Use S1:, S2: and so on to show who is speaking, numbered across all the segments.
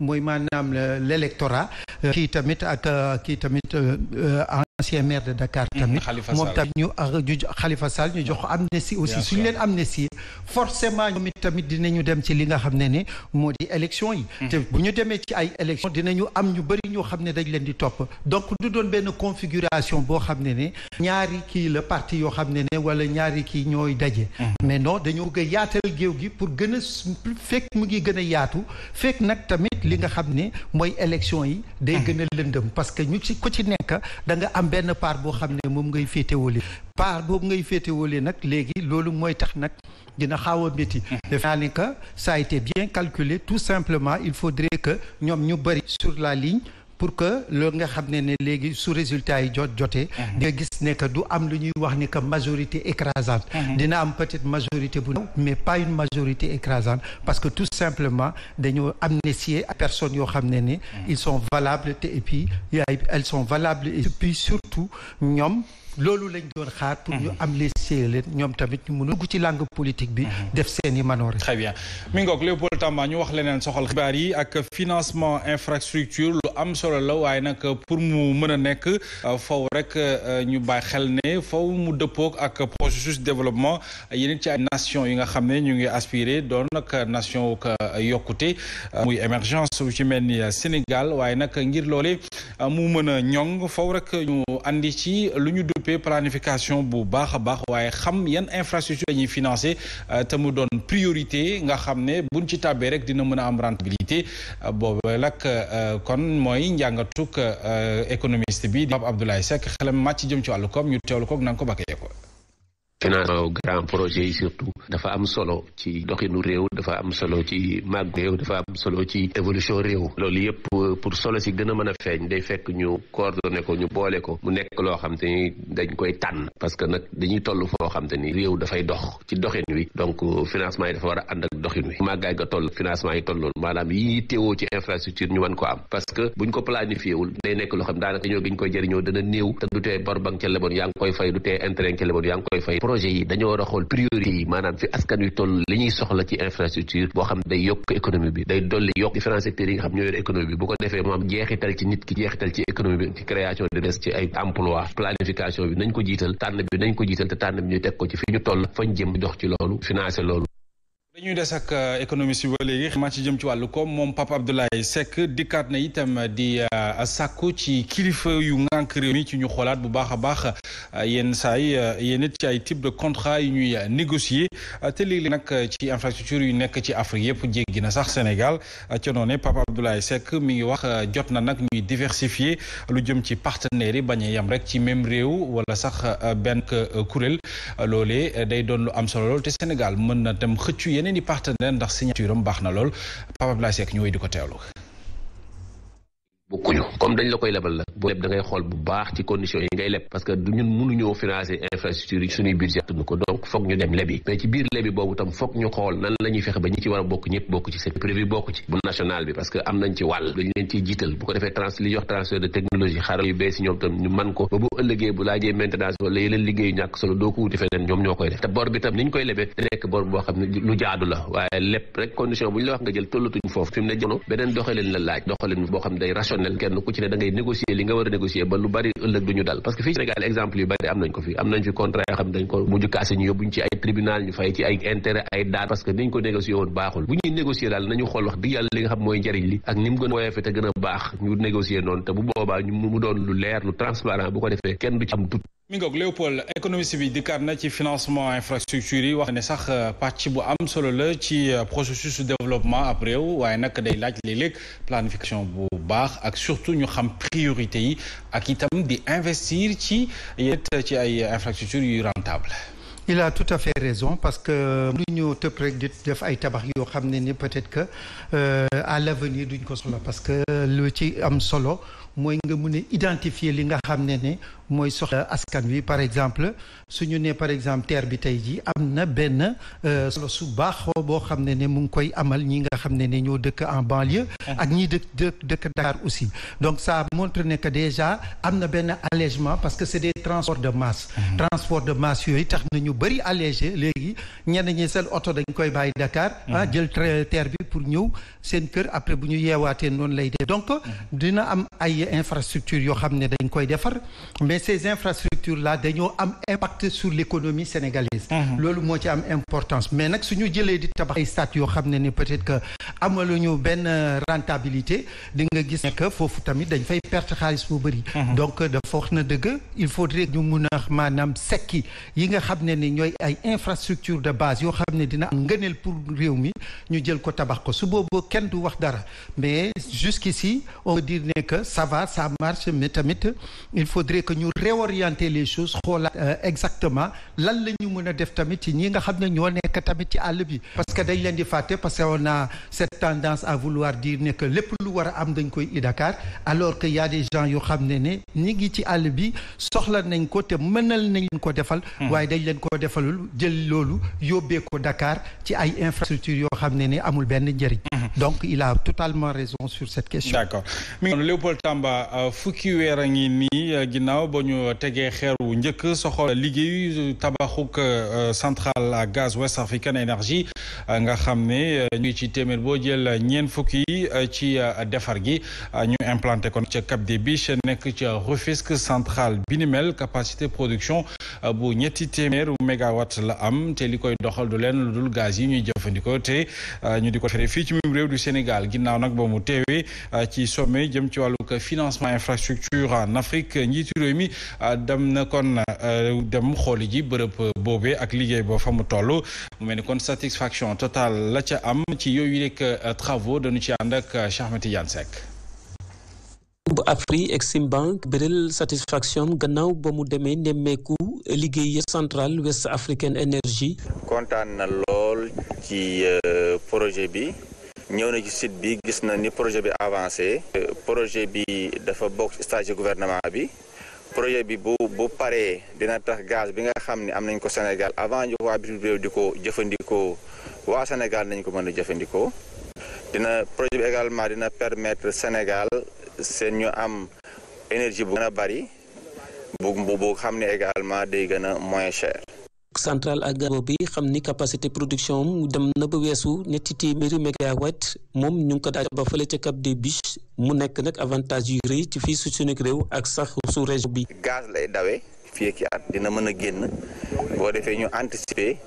S1: mooy maanaam l'électorat euh, kii tamit ak euh, kii tamit euh, ancien maire de Dakar mm-hmm. tamit moom tamit ñu Khalifa Sall ñu jox amnistie aussi suñ leen amnistie forcément ñoom tamit ñu dem ci li nga xam ne ni moo di élection yi mm-hmm. te bu ñu demee ci ay élection dinañu am ñu bëri ñoo xam ne dañ leen di topp donc du doon benn configuration boo xam ne ne ñaari kii la parti yoo xam ne ne wala ñaari kii ñooy daje mm-hmm. mais non dañoo bëgg yaatal géew gi pour gën a fekk mu ngi gën a yaatu fekk nag tamit li nga xam ne mooy élection yi day gën a lëndëm parce que ñu ci ko ci nekk da nga am benn part boo xam ne moom ngay féetewale part boobu ngay féetewale nag léegi loolu mooy tax nag dina xaaw a métti defe naa ne que ça bien calculé tout simplement il faudrait que ñoom ñu bëri sur la ligne pour que loolu nga xam ne ne léegi su résultat yi jot jotee di mhm. nga gis ne que du am lu ñuy wax ni que majorité écrasante mhm. dina am peut-être majorité bu ndaw mais pas une majorité écrasante parce que tout simplement dañoo amnistier à personne yoo xam ne ni mhm. ils sont valables te et puis elles sont valables et puis surtout ñoom loolu lañ doon xaar pour ñu mm-hmm. am les séeréer ñoom tamit ñu mën a dugg ci langue politique bi mm-hmm. def seen i manoore
S2: très bien mi ngoog Léopold ñu wax leneen soxal xibaar yi ak financement infrastructure lu am solo la waaye nag pour mu mën a nekk faw rek ñu bàyyi xel ne fow mu dëppoog ak processus développement yeneen ci ay nation yi nga xam ne ñu ngi aspiré doon nag nation wu yokkute muy émergence wu ci mel ni Sénégal waaye nag ngir loole mu mën a ñoŋ occupé planification bu baax a baax waaye xam yan infrastructure la ñuy financé euh, te mu doon priorité nga xam ne buñ ci tàbbee rek dina mën a am rentabilité euh, boobu nag euh, kon mooy njàngatuk économiste bi di Pape Abdoulaye Seck xelam màcc jëm ci wàllu koom ñu teewlu koog na nga ko bakkee ko
S3: financement grand projet yi surtout dafa am solo ci doxinu réew dafa am solo ci màgg réew dafa am solo ci évolution réew loolu yëpp euh, pour solo si gën a mën a feeñ day fekk ñu coordonné ko ñu boole ko mu nekk loo xam te ni dañ koy tànn parce que nag dañuy toll foo xam te ni réew dafay dox ci doxin wi donc euh, financement yi dafa war a ànd ak doxin wi màggaay ga toll financement yi tolloon maanaam yi teewoo ci infrastructure ñu mën ko am parce que buñ ko planifié day nekk loo xam daanaka ñoo giñ te du tee bor ba nga ca leboon yaa ngi koy fay du tee intérêt nga fay projet yi dañoo war a xool priorité yi maanaam fi askan wi toll li ñuy soxla ci infrastructure boo xam day yokk économie bi day dolli yokk différents secteurs yi nga xam ñoo yor économie bi bu ko defee mu am jeexital ci nit ki jeexital ci économie bi ci création de des ci ay emploi planification bi nañ ko jiital tànn bi nañ ko jiital te tànn bi ñu teg ko ci fi ñu toll fañ jëm dox ci loolu financer loolu
S2: dañuy des ak euh, économie si ba léegi maa ci jëm ci wàllu koom moom Pape Abdoulaye Seck dikkaat na itam di euh, sàkku ci kilifa yu ngànk réew mi ci ñu xoolaat bu baax a baax euh, yenn saa yi yenn ci ay type de contrat yu ñuy négocier te léegi nag ci infrastructure yu nekk ci Afrique yëpp jéggi na sax Sénégal ca noonu Pape Abdoulaye Seck mi ngi wax jot na nag ñuy diversifier lu jëm ci partenaires yi bañ a yem rek ci même réew wala sax benn kuréel Euh, loole euh, day doon lu am solo lool te Sénégal mën na dem xëccu yeneen i partenaire ndax signature am baax na lool Papa Abdoulaye Seck ñu wéy di ko teewlu
S3: bokkuñu comme dañ la koy lebal la boo leb da xool bu baax ci condition yi ngay leb parce que ñun mënuñoo financer infrastructure yi suñuy budget tudd ko donc foog ñu dem lebi mais ci biir lebi boobu tam foog ñu xool nan la ñuy fexe ba ñi ci war a bokk ñëpp bu ñu man ko ba bu ëllëgee bu laajee maintenance wala yeneen liggéeyu ñàkk solo doo ko boo xam ne lu jaadu la waaye lépp rek condition bu ñu la wax nga jël tollatuñ foofu fi professionnel kenn ku ci ne da négocier li nga war a négocier ba lu bari ëllëg du ñu dal parce que fii Sénégal exemple yu bari am nañ ko fi am nañ fi contrat xam dañ ko mujj kaase ñu yóbbuñ ci ay tribunal ñu fay ci ay intérêt ay date parce que niñ ko négocier woon baaxul bu ñuy négocier daal nañu xool wax di li nga xam mooy njariñ li ak ni mu gën a woyofe te gën a baax ñu négocier noonu te bu boobaa mu doon lu leer lu transparent bu
S2: mi ngoog Léopold di kaar na ci financement infrastructure yi wax ne sax euh, pàcc bu am solo la ci euh, processus de développement ab réew waaye nag day laaj léeg-léeg planification bu baax ak surtout ñu xam priorité yi ak tam di investir ci yet ci ay infrastructures yu rentable
S1: il a tout à fait raison parce que euh, lu ñu tëb rek di def ay tabax yoo xam ne ni peut-être que à l'avenir duñ ko soxla parce que lu ci am solo mooy nga mun a identifier li nga xam mooy soxla askan wi par exemple suñu nee par exemple terre bi tey jii am na benn euh, solo su baaxoo boo xam ne ne mu ngi koy amal ñi nga xam ne ne ñoo dëkk en banlieue ah. ak ñi dëkk dëkk Dakar aussi donc ça montre ne que déjà am na benn allègement parce que c'est des transports de masse ah. transport de masse yooyu tax na ñu bëri allégé léegi ñenn ñi seen oto dañ koy bàyyi dakaar ah, ah jël terre bi pour ñëw seen kër après bu ñu yeewaatee noonu lay def donc dina am ay infrastructure yoo xam ne dañ koy defar mais ces infrastructures là dañoo am impact sur l'économie sénégalaise mhm. loolu moo ci am importance mais nag suñu jëlee di tabax ay stade yoo xam ne ni peut-être que amaluñu benn rentabilité di nga gis nekk foofu tamit dañ fay perte xaalis bu bëri mhm. donc dafa wax na dëgg il faudrait ñu mun a maanaam sekki yi nga xam ne ni ñooy ay infrastructure de base yoo xam ne dina am ngëneel pour réew mi ñu jël ko tabax ko su boobu kenn du wax dara mais jusqu'ici on peut dire que ça va ça tamit ñu réorienter les choses xoolaat euh, exactement lan la ñu mën a def tamit ci ñi nga xam ne ñoo nekk tamit ci àll bi parce que dañ leen di fàtte parce que on a cette tendance à vouloir dire ne lépp lu war a am dañ koy i Dakar alors que y a des gens yoo xam ne ni ñi ngi ci àll bi soxla nañ ko te mënal nañ ko defal hmm. waaye dañ leen ko defalul jël loolu yóbbee ko Dakar ci ay infrastructures yoo xam ne ni amul benn njariñ hmm. donc il a totalement raison sur cette question d'accord
S2: euh, a ba ñu tegee xeer wu njëkk soxol liggéeyu tabaxuk euh, centrale à gaz West African Energy euh, nga xam ne euh, ñu ci téeméer boo jël ñeent fukki ci defar gi ñu implanté kon ca Cap des nekk ca Rufisque centrale bi ni capacité production bu ñetti téeméer mégawatt la am te li koy doxal du leen lu dul gaz yi ñuy jëfandikoo te ñu di ko fere fii ci réew du Sénégal ginnaaw nag ba mu teewee ci sommet jëm ci wàllug financement infrastructure en Afrique njiitu Ah, dem na kon ah, dem xooli ji bërëb ah, boobee ak liggéey ba fa mu toll mu mel ni kon satisfaction total la ca am ci yooyu rek travaux dañu ci ànd ak Cheikh Ahmed Tidiane
S3: bu APRI Exim Bank bëril gannaaw ba mu demee nemmeeku liggéey centrale West African Energy
S4: kontaan na lool ci euh, projet bi ñëw na ci site bi gis na ni projet bi avancé euh, projet bi dafa bokk stage gouvernement bi projet bi bu bu paree dina tax gaz bi nga xam ne am nañ ko Sénégal avant ñu waa bitim réew di ko jëfandikoo waa Sénégal nañ ko mën a jëfandikoo dina projet bi également dina permettre Sénégal seen ñu am énergie bu gën a bari bu bu xam ne également day gën a moins cher.
S3: centrale ak gaz bi xam ni capacité production dem na ba weesu ñetti téeméeri mégawatt moom ñu ngi ko daaj ba fële ca Cap des Biches mu nekk nag avantage yu rëy ci fii su suñu réew ak sax su région bi.
S4: gaz lay dawee fii ki at dina mën a génn boo defee ñu anticiper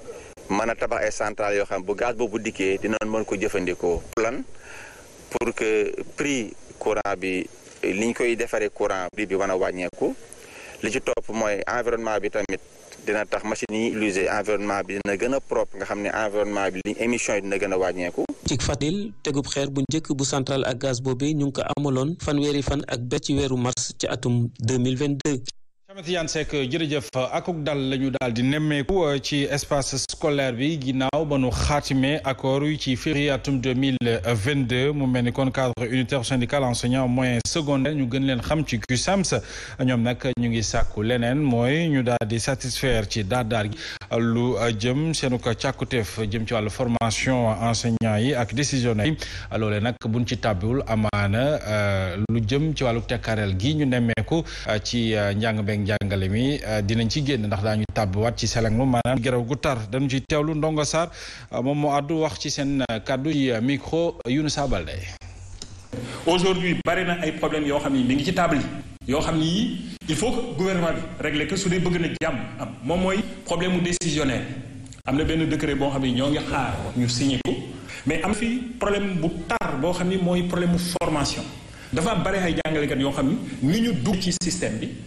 S4: mën a tabax ay centrales yoo xam bu gaz boobu dikkee dina mën ko jëfandikoo. plan pour que prix courant bi liñ koy defaree courant bi bi mën a wàññeeku li ci topp mooy environnement bi tamit. dina tax machines yi utiliser environnement bi dina gën a propre nga xam ne environnement bi li émission yi dina gën a wàññeeku
S3: cig fàttali tegub xeer bu njëkk bu centrale ak gaz
S2: boobu ñu ngi ko amaloon fanweeri fan ak becc weeru mars ci atum 2022 Ibrahima Tidiane Seck jërëjëf akuk dal la ñu daal di nemmeeku euh, ci espace scolaire bi ginnaaw ba nu xaatime accord yu ci février atum deux mille vingt deux mu mel ni kon cadre unitaire syndical enseignant moyen secondaire ñu gën leen xam ci CUSAMS ñoom nag ñu ngi sàkku leneen mooy ñu daal di satisfaire ci daar gi lu euh, jëm seenu ko càkkuteef jëm ci wàllu formation enseignant yi ak décisionnaire yi loole nag buñ ci tàbbiwul amaana euh, lu jëm ci wàllu tekkareel gi ñu nemmeeku ci njàng be njàngale mi euh, dinañ ci génn ndax daañu waat ci seleng maanaam geraw gu tar dañu ci teewlu Ndongo Sarr euh, moom moo àddu wax ci seen euh, kàddu yi micro Younousa Baldé aujourd'hui bari na ay problèmes yoo xam ni mi ngi ci table yi yoo xam ni il faut que gouvernement bi régler que su dee bëgg na jàmm am moom mooy problème mu décisionnaire am na benn décret boo xam ni ñoo ngi xaar ñu signé ko mais am fi problème bu tar boo xam ni mooy problème mu formation dafa am bari ay jàngalekat yoo xam ni ni ñu dugg ci système bi